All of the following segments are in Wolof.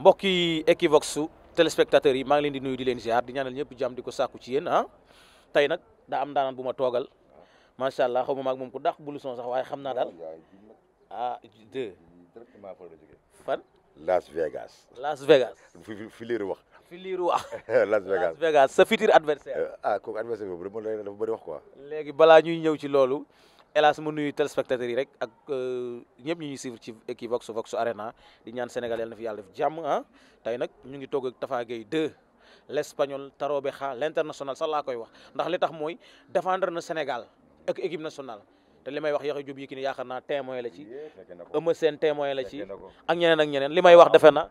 mbokki Equivox téléspectateurs yi maa ngi leen di nuyu di leen ziar di ñaanal ñëpp jàmm di ko sàkku ci yéen ah tey nag daa am daanaan bu ma toogal macha allah xaw ma maag moom ku dax bu lu son sax waaye xam naa daal ah deux fan. Las Vegas. Las Vegas. fi liir wax. fi liir wax. Las Vegas Las Vegas sa futur adversaire. Euh, ah kooku adversaire boobu dafa bëri wax quoi. ñuy ñëw ci loolu. hélas ma nuyu téléspectateurs yi rek ak euh, ñëpp ñu ñuy suivre ci Equivox Vox Arena di ñaan Sénégal yal na fi yàlla def jàmm ah tey nag ñu ngi togg ak Tafa Gueye 2 l' espagnol Tarobeja l' international sax laa koy wax ndax li tax mooy défendre na Sénégal ak équipe nationale te li may wax Yaxya Jóob Yékini yaakaar naa témoin la ci Eumeu Sène la ci ak ñeneen ak ñeneen li may wax defe na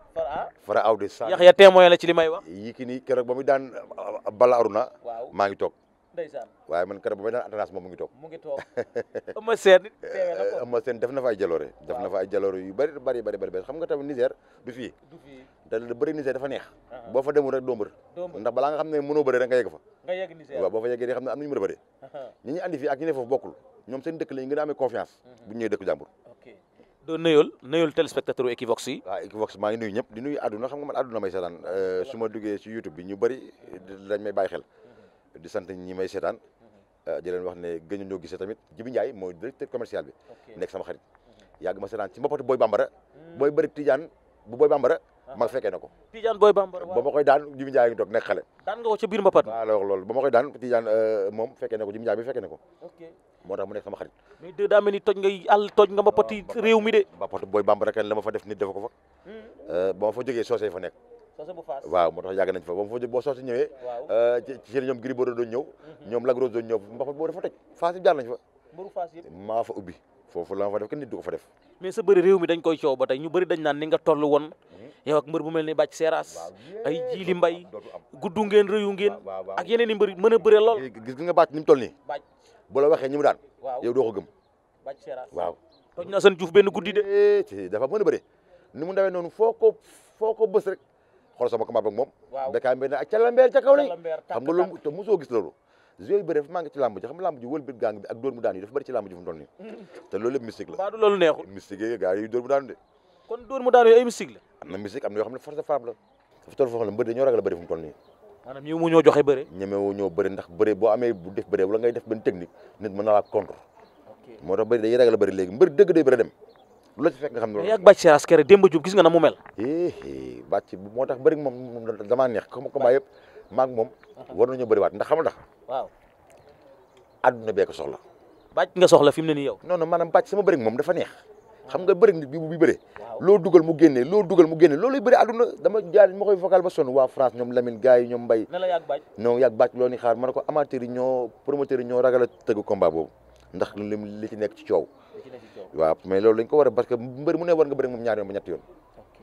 Fara Awde Sarr Yaxya témoin la ci li may wax Yékini keroog ba muy daan euh, Balla maa ngi toog ndeysaan waaye man keroog ba may daan Atlas moom mu ngi toog mu ngi toog Eumeu Sène Eumeu Sène def na fa ay jaloore def na fa ay jaloore yu bëri bëri bëri bëri xam nga tamit Niger du fii du fii da bëri Niger dafa neex uh-huh. boo fa demul rek doo mbër ndax balaa nga xam ne mënoo bëri rek nga yegg fa nga yegg Niger waaw boo fa yeggee di xam ne am nañu mën a bëri uh-huh. ñi ñu andi fii ak ñi ne foofu bokkul ñoom seen dëkk lañu gën a amee confiance uh-huh. bu ñu ñëwee dëkk jàmbur doo nuyool nuyool téléspectateur u Equivox yi waaw ah, Equivox maa ngi nuyu ñëpp di nuyu àdduna xam nga man àdduna may seetaan euh, su ma duggee si YouTube bi ñu bëri dañ may bàyyi xel di sant ñi may seetaan mhm. eh, di leen wax ne gëñu ñoo gisee tamit Jibi Ndiaye mooy directeur commercial bi nekk sama xarit mhm. yàgg ma seetaan ci mboppatu mhm. booy bambara booy ma fekkee na ko ba ma koy daan ba ma koy daan Tidiane eh, moom fekkee na ko Jibi Ndiaye bi fekkee na ko moo tax mu nekk sama xarit mais deux daa mel ni toj ngay àll toj nga mbapati réew mi de mbappatu booy bambara kenn la ma fa def nit def ko fa hmm. eh, ba ma fa jógee fa nekk sose bu faas waaw moo tax yàgg nañ fa ba mu fa boo sotti ñëwee. waaw euh, ci ci ñoom Gris Bordeaux doon ñëw. Mhm. ñoom Lac Rose ñëw mbapat fa. mbaru foofu la ma fa def kenn nit du ko fa def. mais sa bëri réew mi dañ koy coow ba tey ñu bëri dañ naan ni nga toll woon mhm. yow ak mbër bu mel ni Bathie Seras ay Djily Mbaye guddu ngeen rëyu ngeen ak yeneen i mën a bëre lool gis nga Bathie ni mu toll nii bu waxee ñi mu daan yow doo ko gëm waaw toj na benn guddi de eh, dafa mën a bëre ni xool sama combat ak moom Bécaye Mbaye ne ak ca lambeer ca kaw lay xam nga loolu gis loolu yooyu bëri maa ngi ci làmb xam làmb ji wëlbit gang bi ak dóor mu daan yi mu toll nii te mu daan de mu daan la am na mystique xam ne force frappe la dafa toll foo ragal bëri fu mu nii mu ñoo joxe bëri ñemewu ñoo bëri ndax bëri boo amee def bëri wala ngay def benn technique nit mën na laa contre moo tax bëri dañuy ragal bëri léegi mbër dëgg lu nga xam ne loolu. yaa ngi bàcc Seras kere Demba Diop gis nga na mu mel. bàcc moo tax barik moom moom damaa neex comme combat yëpp maag moom war nañoo bëriwaat ndax xam ndax. waaw. adduna bee ko soxla. bàcc nga soxla fi mu ne nii yow. non non maanaam bàcc sama bëri moom dafa neex xam nga bëri nit bi bu loo dugal mu génne loo dugal mu génne loolu lay bëri adduna dama jaar ma koy vocal ba sonn waa France ñoom Lamine gars yi ñoom Mbaye. ne la yàgg bàcc non yàgg bàcc loolu ni xaar ma ne ko amateur yi ñoo promoteur yi ñoo ragal a tëgg combat boobu ndax lim li ci nekk ci coow waaw mais loolu dañ ko war a parce que mbër mu ne war nga bëri moom ñaari yoon ba ñetti yoon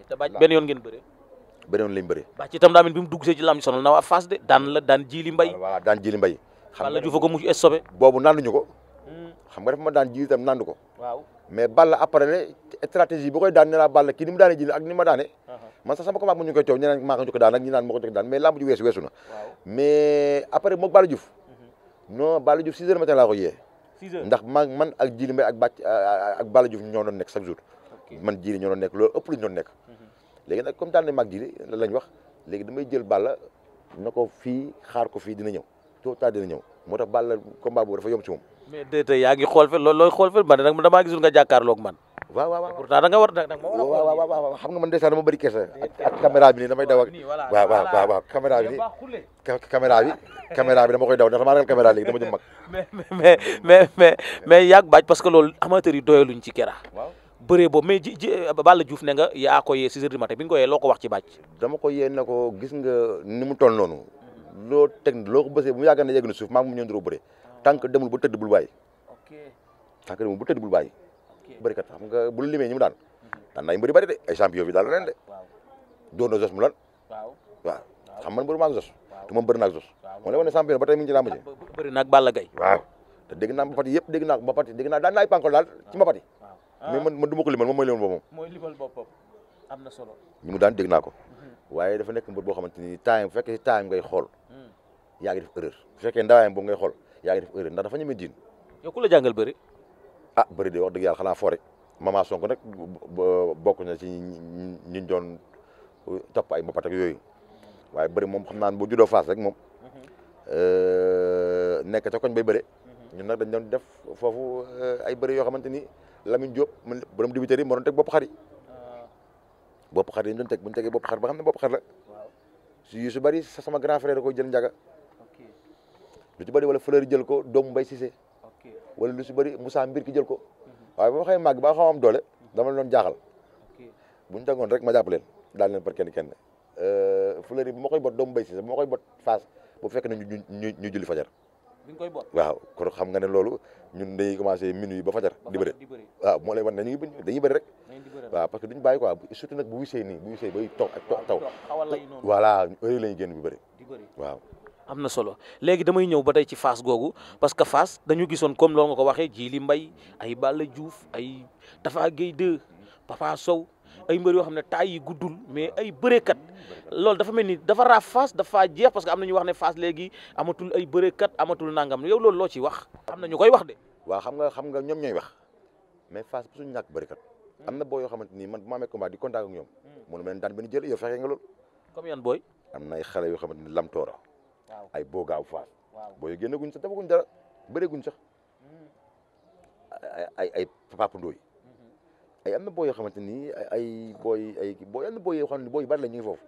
te baaj benn yoon ngeen bëree baaj ci itam daa mel bi mu dugg see ci lam sonal na waa ko mu stoppé hmm. xam nga dafa ma daan jili tam nandu ko mais Balla après stratégie bu koy daan ne laa Balla kii ni daane jili ak ni daane uh-huh. man sax sama ñu koy coow ñu naan moo ko daan mais lamb ji weesu weesu na mais après moog Balla Diouf mm-hmm. non Balla Diouf six heures matin laa ko yee ndax man man a Djily Mbaye ak Bac euh, ak Balla Diouf nekk chaque jour man Djily ñoo doon nekk loolu ëpp lu ñu nekk mhm. léegi nag comme daan na mag la lañ wax léegi damay jël Balla na ko fii xaar ko fii dina ñëw tôt ou tard dina ñëw moo tax Balla combat boobu dafa yomb ci moom mais déet yaa ngi xool fe looy xool fe man nag damaa gisul nga jàkkaarloog man waaw waaw pourtant da nga war da nga ma waaw waaw xam nga man ndeysaan dama bëri kees ak caméra bi nii damay daw ak waaw waaw waaw waaw caméra bi nii caméra bi caméra bi dama koy daw ndax dama ragal caméra léegi dama jëm mag mais mais mais mais mais yàgg baaj parce que loolu amateurs yi doyaluñ ci Kera bëree boobu mais ji ji Balla Diouf ne nga yaa ko yee six heures du matin bi nga ko yee loo ko wax ci baaj dama ko yee ne ko gis nga ni mu toll noonu loo teg loo ko bësee bu mu yàgg na yegg na suuf maa ngi mu ñëw nduroo bëre tant que demul ba tëdd bul bàyyi tant que demul ba tëdd bul bàyyi bërikat xam nga bu limee ñi mu daan daan naa ñu bëri bëri de ay champion bi daal ren de doon na jos mu lan waaw waaw man bëri maa jos te moom bëri naa jos moo lay wane champion ba tey mi ngi ci làmb ji bëri naag Balla Gaye waaw te dégg naa mbapat yëpp dégg naa ko mbapat dégg naa daan naa ay pankol daal ci mbapat mais man man du ma ko limal moom mooy limal boppam mooy limal boppam am na solo ñi mu daan dégg naa ko mhm. waaye dafa nekk mbër boo xamante ni time fekkee time ngay xool hmm. yaa ngi def erreur fekkee ndawaayam boobu ngay xool yaa ngi a ah, bëri de wax dëgg yàlla xanaa fori mama Sonko nag bokk na ci ñi doon euh, topp ay mbapat ak yooyu waaye bëri moom xam naa ne bu juddoo Fass rek moom euh, nekk ca koñ bay bëre. ñun nag dañ doon def foofu euh, ay bëri yoo xamante ni Lamine Diop man borom dibiteri moo doon teg bopp xar yi. Ah. bopp xar yi ñu doon ba xam ne bopp xar la. su yu sama grand frère da jël njaga. lu ci bëri wala fleur jël ko doomu Mbaye Cissé. wala lu si bëri Moussa mbir ki jël ko waaye ba ma xëy màgg ba xaw am doole dama doon jaaxal bu ñu tegoon rek ma jàpp leen daal leen par kenn kenn euh, fleur yi bu ma koy bot doomu bay si bu ñu ñu ñu julli fajar. bi ñu koy xam nga ne loolu ñun dañuy commencé minuit ba fajar. di bëri waaw moo lay wan ne ñu ngi rek. waaw parce que duñ bàyyi quoi surtout nag bu wisee nii bu wisee bay taw taw. xawal yi la ñuy génn bu waaw. am na solo léegi damay ñëw ba tey ci Fass googu parce que Fass dañu gisoon comme loolu nga ko waxee Djily Mbaye ay Balla Diouf ay Tafa Gueye 2 Papa Sow ay mbër yoo xam ne taa yi guddul mais ay bëreekat loolu dafa mel ni dafa raaf Fass dafa jeex parce que am na ñu wax ne Fass léegi amatul ay bëreekat amatul nangam yow loolu loo ci wax. am na ñu koy wax de. waaw xam nga xam nga ñoom ñooy wax mais Fass bu suñu ñàkk bëreekat hmm. am na boo yoo xamante ni man ma amee combat di contact ak ñoom. Hmm. mënu ma leen daan benn jël yow fexe nga loolu. comme yan booy. am na ay yoo xamante ni lamtoora ay boo gaaw faas booy génne guñ sax defaguñ dara bëreeguñ sax hmm. ay ay ay Papa Ndoye hmm. ay am ni ay booy ay booy am na booy yoo xam ne booy yu bari la ñu ngi foofu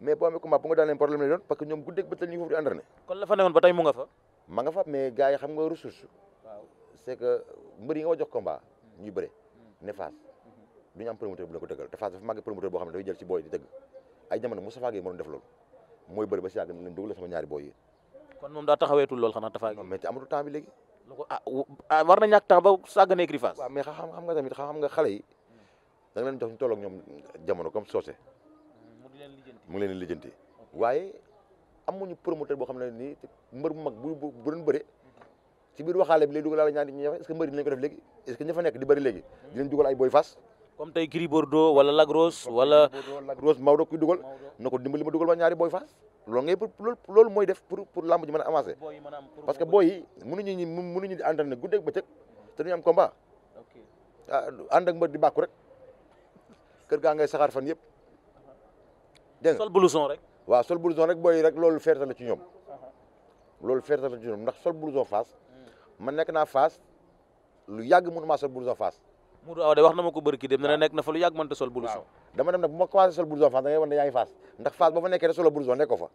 mais boo amee combat bu nga daan leen problème lay doon parce que ñoom guddeeg bëtal ñu ngi foofu di entraîné kon la tey mu nga fa ma nga fa mais gars yi xam nga ressource waaw c'est que mbër yi nga wa jox combat hmm. ñuy ne Fass du ñu am promoteur bu la ko dëggal te Fass dafa màgg promoteur boo xam ne dafay jël ci booy di dëgg ay jamono Moustapha def loolu mooy bëri ba si yàgg nañ dugal sama ñaari booy yi. kon moom daa taxaweetul lool xanaa Tapha Gueye. non mais te amatul temps bi léegi. Ah, ah, war na ñàkk temps ba sàgganee Gris Fass. waaw mais xam xam nga tamit xam nga xale yi da nga leen jox ñu tolloog ñoom jamono mu ngi leen lijjanti mu ngi leen boo xam ne nii mbër bu mag bu bu bu doon bëre ci biir waxaale bi léegi dugal ñaari ñi est-ce que mbër nekk di bëri léegi mm-hmm. dinañ dugal ay comme tey Gris Bordeaux wala Lac Rose wala Lac Rose Maodo kuy dugal na ko dimbali ma dugal waa ñaari Boy Fass loolu ngay def pour pour làmb ji a avancer parce que boy yi mënuñu ñu mënuñu di entraîner guddeeg bëccëg te duñu am combat ah ànd ak mbër di bàkku rek kër gaa ngay saxaar fan yëpp dégg nga sol blouson rek waaw sol blouson rek booy rek loolu fierté la ci ñoom uh-huh. loolu fierté la ci ñoom ndax sol blouson Fass mm. man nekk naa Fass lu yàgg mënu maa sol blouson Fass Modou Awa de wax na ma ko bëri ki dem ne na nekk na fa lu yàgg mënta sol blouson dama dem nag bu ma commencé sol blouson Fass da ngay wan ne yaa ngi ndax Fass ba fa nekkee rek solo blouson nekk ko fa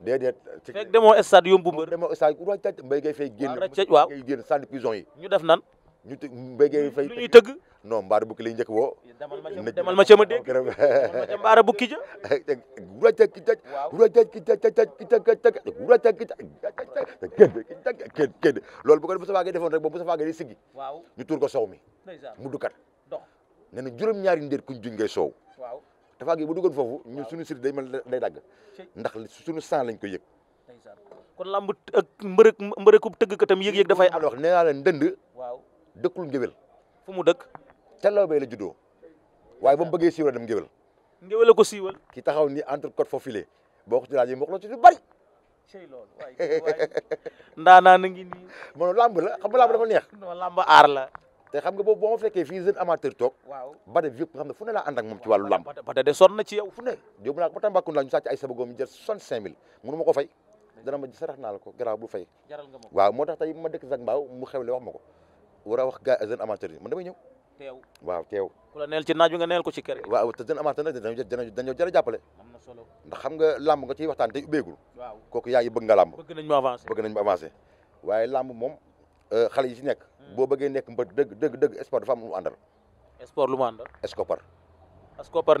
déedéet fekk demoo stade yombu mbër demoo stade ku raj mbay gay fay génn waaw génn sànni yi ñu def nan ñu mbay gay fay lu ñuy tëgg non mbaara bukki lañu njëkk woo demal ma ca ma dégg demal ma ca ja wurata ki taj wurata ki taj taj ki taj taj wurata ki taj loolu bu ko bu safaage defoon rek boobu bu safaage di siggi waaw ñu tuur ko sow mi mu dukkat dox nee juróom ñaari ndéet ku juñ ngay soow waaw dafa gi bu duggoon foofu ñu suñu sir day ma day dagg ndax suñu sang lañ ko yëg kon lamb ak mbërëk mbërëkub tëggkatam yëg-yëg dafay am wax nee naa la ndënd dëkkul ngëwél fu mu dëkk ca Lawbey la juddoo waaye ba mu bëggee siiwal dem ngéwél ngéwél la ko siiwal ki taxaw ni entre côte fo filé boo ko ci laajee mu wax la ci lu bari cey na ngi nii moom lamb la xam nga lamb dafa neex non lamb la te xam nga boobu boo ma fekkee fii jeune amateur toog waaw ba def yëpp nga xam ne fu ne laa ànd ak moom ci wàllu lamb ba de sonn na ci yow fu ne yóbbu naa ko ba Tambacounda laa ñu ay sabagoom yi jar soixante-cinq mille mënu ma ko fay dana ma sarax naa la ko garaaw bu fay waaw moo tax tey ma dëkk sax mbaaw mu xewle wax ma ko war a wax ga jeune amateur yi man teew waaw teew ku la neel ci naaj bi nga neel ko ci kër waaw te dina amaata nag dinañ dañoo jërë jàppale am na solo ndax xam nga làmb nga ciy waxtaan day ubbeegul waaw kooku yaa ngi bëgg nga làmb bëgg nañ mu avancé bëgg nañ mu avancé waaye làmb moom euh, xale yi ci nekk hmm. boo bëggee nekk mbër dëgg dëgg dëgg sport dafa am lu mu àndal sport lu mu àndal escopar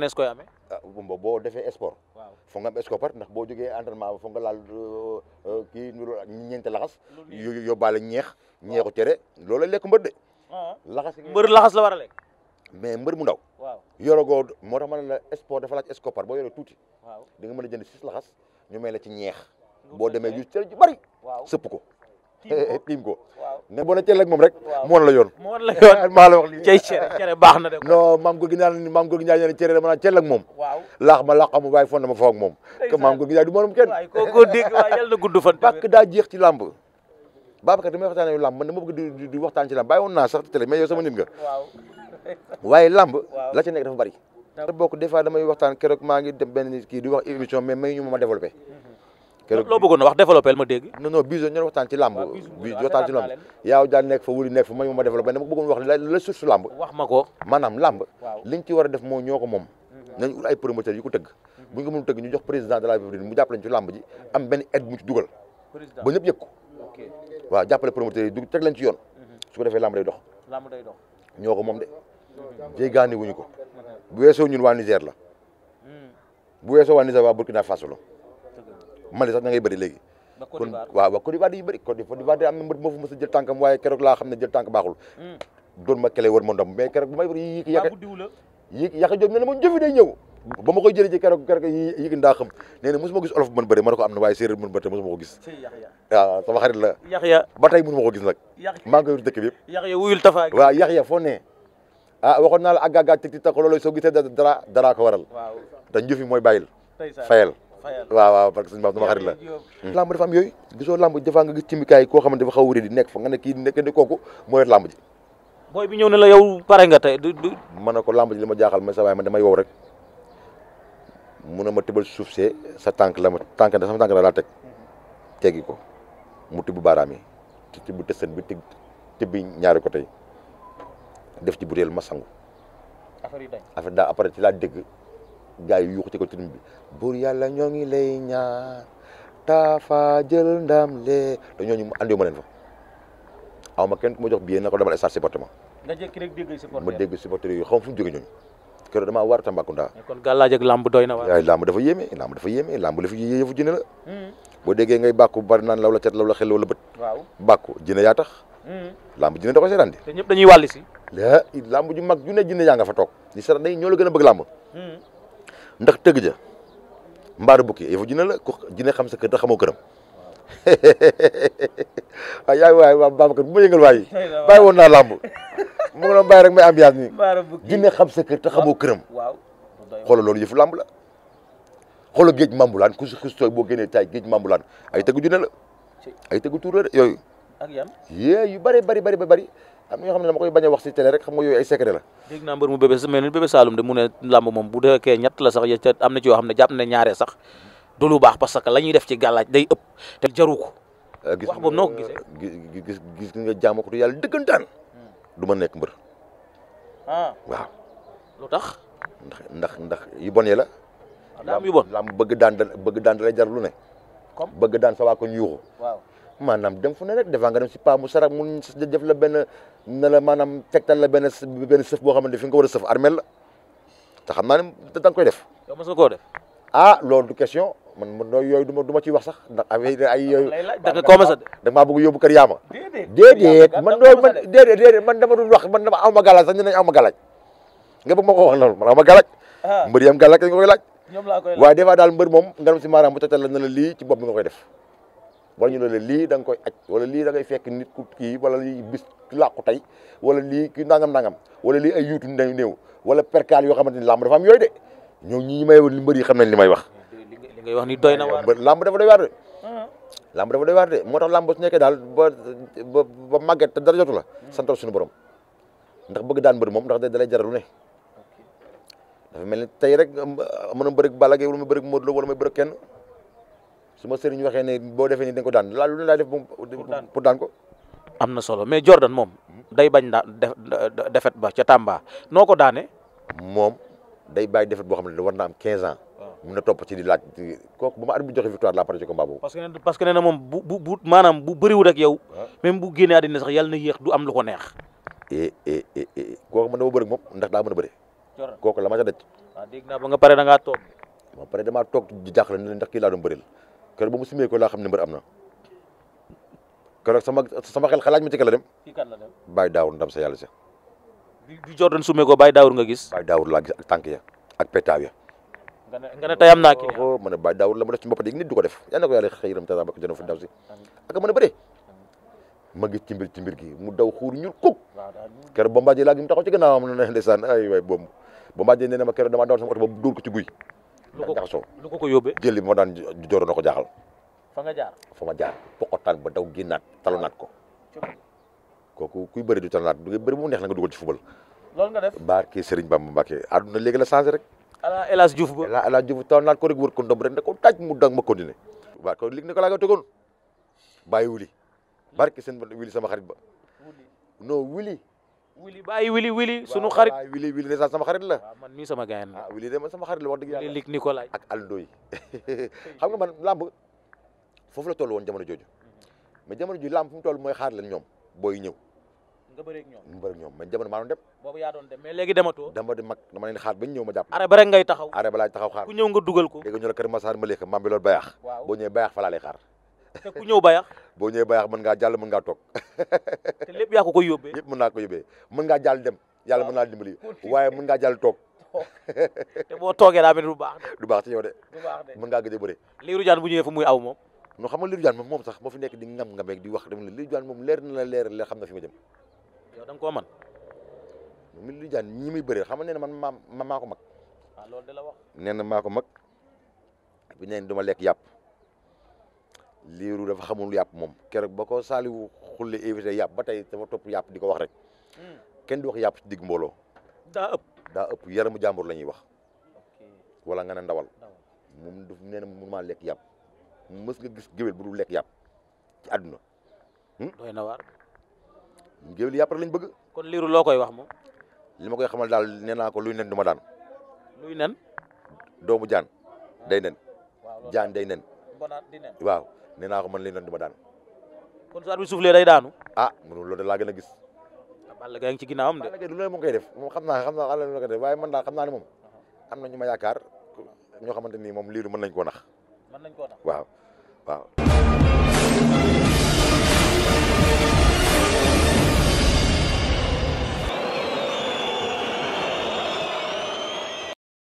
ne nees koy amee ah boo defee sport waaw foog nga am escopar ndax boo jógee entraînement foog nga laal euh, euh, kii ñeenti laxas yóbbaale ñeex ñeexu cere loolu lekk mbër de Ah. laxas mbër laxas la war a lekk mais mbër mu ndaw waaw yorogoo moo tax ma la sport dafa laaj escopar boo yoree tuuti waaw di nga mën a jënd six laxas ñu may la ci ñeex boo demee ju cër ju bëri sëpp ko tiim ko ne boo na cel ak moom rek moon la la yoon maa na de non maam góor gi naan maam góor gi ñaan ne cere dama naan cel ak moom waaw laax ma laax amu waaye fon dama faw moom que maam góor gi du moom kenn ko ko daa jeex ci làmb Babacar damay waxtaanee làmb man dama bëgg di di waxtaan ci làmb bàyyi woon naa sax télé mais yow sama nit nga. waaye làmb. la ci nekk dafa bari. bokk des damay waxtaan keroog maa ngi dem benn nit kii wax émission mais may ñu ma ma développé. Mhm. keroog loo bëggoon wax dégg. non non biso ñoo waxtaan ci làmb. bi waxtaan ci làmb yaaw daal nekk fa wuri nekk fa may ma ma développé dama wax la la source làmb. wax ma ko maanaam liñ ci war a def moo ñoo ko moom. Mhm. nañ ut ay promoteurs yu ko tëgg. Mhm. bu ñu ko mënul tëgg ñu jox président de la République mu jàpp lañ ci làmb ji am benn ko waaw jàppale promoteur yi du teg leen ci yoon su ko defee lamb day dox ñoo ko moom de jéggaani ñu ko bu weesoo ñun waa Niger la hmm. bu weesoo waa Niger waa Burkina Faso la Mali sax da ngay bëri léegi kon waaw waa Côte d'Ivoire yu bëri Côte d'Ivoire am na mbër moo fu mës a jël tànkam waaye keroog laa xam ne jël tànk baaxul hmm. doon ma kele war ma ndam mais keroog bu may yii yàq yàq joob ne na moom jëfi day ñëw ba ma koy jëlee ci keroog keroog yi yëg ndaa xam nee na mosuma gis olof mën bëri mosuma ko gis la yaxya ba tey mënuma ko gis nag maa ngi koy wër dëkk bi yëpp yaxya wuyul tafa waaw yaxya foo ne ah waxoon naa la àggaagaa teg ti tak loolu soo gisee dara dara ko waral te njëfi mooy bàyyil fayal waaw waaw parce que suñu baam sama xarit la hmm. lamb dafa am yooyu gisoo lamb ji dafaa nga gis cimikaay koo xamante dafa xaw wuré di nekk fa nga nekk di kooku mooy lamb ji bi ñëw ne la yow pare nga tey du du ma ne ko lamb ji ma jaaxal ma sa waay man damay wow rek mun a ma tëbal suuf see sa tànk la ma tànk sama tànk la laa teg teggi ko mu tibb baaraam yi te tibb bi te tibbi ñaari côté def ci butéel ma sangu. affaire yi dañ affaire daa après ci laa dégg yi yuuxu ko tin yàlla ñoo ngi lay ñaar taafa jël ndam lee te ñooñu andi ma leen fa aw ma kenn ku ma jox billet na ko demal ay sar ma. nga jékki rek dégg supporter ma dégg keroog damaa waar Tambacounda. kon gàllaaj ak lamb doy na waar. waaye lamb dafa yéeme lamb dafa yéeme lamb li fi yëfu jëne la. Hmm. boo déggee ngay bàkku bari naan law la cat la xel law la bët. waaw bàkku jëne yaa tax. Hmm. lamb jëne da ko seetaan di. la lamb ju mag ju ne jëne yaa nga fa toog. li seetaan day ñoo la gën a hmm. ndax tëgg ja mbaaru bukki yëfu la ku xam sa kër te waaw yaa ngi waay waaw Babacar bu ma yëngal waay bàyyi woon naa làmb mu ngi doon bàyyi rek may ambiance nii jinne xam sa ta te xamoo këram xoolal loolu yëfu làmb la xoolal géej mambulaan ku si xis tooy boo génnee taay géej mambulaan ay tëggu junne la ay tëggu tuur la yooyu ak yan yee yu bëri bëri bëri ba bëri am na ñoo xam ne dama koy bañ a wax si télé rek xam nga yooyu ay secret la dégg naa mbër mu de mu ne làmb moom bu defee ñett la sax ya am na ci yoo xam ne jàpp ne ñaare sax du lu baax parce que la ñuy def ci gàllaaj day ëpp te jaru ko. Euh, wax boobu noo ko gisee euh, gis gis nga jaamu ko du yàlla dëggantaan. Hmm. du ma nekk mbër. ah waaw. tax. ndax ndax yu bon yi la. lam ah, yu bon lam bëgg daan bëgg daan da jar lu ne. comme bëgg daan sa waa ko ñuuxu. waaw maanaam dem fu ne rek defaa nga dem si paa mu sarak mun def la benn ne la maanaam tegtal la benn benn sëf boo xamante fi nga ko war a sëf armel la te xam naa ne da nga koy def. yow mos koo def. ah loolu question. man man yooyu du ma du ma ciy wax sax ndax ay ay yooyu. danga koo maa bëgg yóbbu kër yaama. déedéet man doo man déedéet déedéet man dama dul wax man dama aw ma galaaj sax ñu ne aw ma galaaj nga bëgg ma ko wax loolu ma aw ma galaaj. Ah. mbër yam galaaj nga koy laaj. ñoom laa koy laaj waaye des fois daal mbër moom nga dem si maaraam bu tëtal la ne lii ci bopp bi nga koy def. wala ñu ne la lii da koy aj wala lii da fekk nit ku kii wala lii bis làqu tey wala lii ki nangam nangam wala lii ay yuutu dañu néew wala perkaal yoo xamante ni làmb dafa am yooyu de ñoo ñi may li mbër yi xam nañ li may wax ngay wax ni doy na waar làmb dafa doy waar de. Ah. làmb dafa doy waar moo tax làmb su nekkee daal ba ba ba màgget te dara jotu la. santal suñu borom ndax bëgg daan mbër moom ndax dalay jaral lu ne. dafa mel ni tey rek mën a bëreeg Balla Gaye wala ma bëreeg Modou Lo wala ma bëreeg kenn su ma sëriñ waxee ne boo defee nii dañ ko daan laal lu ne laay def pour daan ko. am na solo mais Jordan moom day bañ daa defet ba ca Tamba noo ko daane. moom day bàyyi defet boo xam ne war na am 15 ans. mun na topp ci di laaj kooku ba ma arbitre bi joxe victoire la pare ci que na moom bu bu maanaam bu bëriwul ak yow. Ah. même bu génnee àddina sax yàlla na yéex du am lu ko neex. et et et e, kooku mën na ndax daa mën a bëri. kooku la ma ca daj. waaw ah, dégg naa ba nga pare da ngaa toog. ba pare damaa toog di jaaxle ne ndax kii laa doon bëril kër ba mu simee ko laa xam ne mbër am na. keroog sama sama xel xalaat ma ci kan la dem. kii kan la dem Baye Daour ndam sa yàlla sa. bi bi Jordan sumee ko bay Daour nga gis. Baye Daour laa gis ak tànk ya ak pétaaw ya nga ne tey am naa kii a bàyyi daawul la mu def ci boppam nit du ko def yal na ko yàlla xëyram tasaam ak jënoo fi daw si ak mën a bëre ma gis ci mbir ci mbir gi mu daw xuur ñuul kuk kër Bombardier laa gi mu taxaw ci gannaawam na ne ndeysaan ay waay boobu Bombardier nee na ma kër damaa dawal sama ba dóor soo lu ko ko yóbbee jël bi ma daan jooroon na ko jaaxal fa nga jaar fa ma jaar poqotaan ba daw génnaat naat ko kooku kuy bëri du talonaat du bëri bu mu neex na nga dugal ci fubal loolu nga def barke Serigne Bamba Mbacke àdduna léegi la changé rek ala El Hadj Diouf ba ala El Hadj Diouf taw naat ko rek wër ko ndomb rek ne ko taj mu dang ma continuer waaw ko laa nga tegoon bàyyi wuli barke seen wuli ba non wuli wili bàyyi wili wili sunu xarit waaw wili wili ne sax sama xarit la waaw man mii sama gaayan la ah, wili de man sama xarit la wax dëgg yàlla lig Nicolas ak Aldo yi xam nga man làmb foofu la tol woon jamono jooju mhm. ma jamono ji làmb fu mu mooy xaar la ñoom booy ñëw nga bëreeg ñoom mu bëreeg ñoom man jamono maa doon dem boobu yaa doon dem mais léegi dematoo dama di mag dama leen xaar ba ñu ñëw ma jàpp arrêt ba rek ngay taxaw arrêt nga ko léegi ñu la kër Massar Malika maam bi loolu bayax toog te lépp yaa koy yóbbee lépp mën naa ko yóbbee mën ngaa dem yàlla mën naa dimbali waaye mën toog te boo toogee baax du baax ci a bëre Lirou Diane bu ñëwee fu muy aw moom non xam nga Lirou moom sax moo fi nekk di ngam ngameeg di wax dem la moom leer na la leer xam na fi ma jëm yow da nga koo mën. Milou Diane ñi muy bëree xam nga ne man maa maa ko mag. ah loolu wax. nee maa ko mag bi neen du lekk yàpp liiru dafa xamul yàpp moom keroog ba ko Saliou xulle évité yàpp ba tey dafa topp yàpp di ko wax rek hmm. kenn du wax yàpp ci digg mbooloo. daa ëpp daa ëpp yaramu jàmbur la ñuy wax. wala nga ne ndawal. moom du nee na mënumaa lekk yàpp mës nga gis géwél bu dul lekk yàpp ci àdduna. Hmm? doy na géwél yi après lañ bëgg. kon liiru loo koy wax moom. li ma koy xamal daal nee naa ko luy nen du ma daan. luy nen. doomu jaan day nen. jaan day nen. mbonaat di nen waaw nee naa ko man luy nen du ma daan. kon su arbitre bi soufflé day daanu. ah mënul loolu de laa gën a gis. Ah, Balla Gaye ci ginnaawam de. Balla Gaye du loolu moo koy def moom xam naa xam naa ala la ko waaye man daal xam naa ne moom am na ñu ma yaakaar ñoo xamante ni moom liiru man nañ koo nax. mën nañ koo nax waaw waaw.